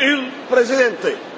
il presidente.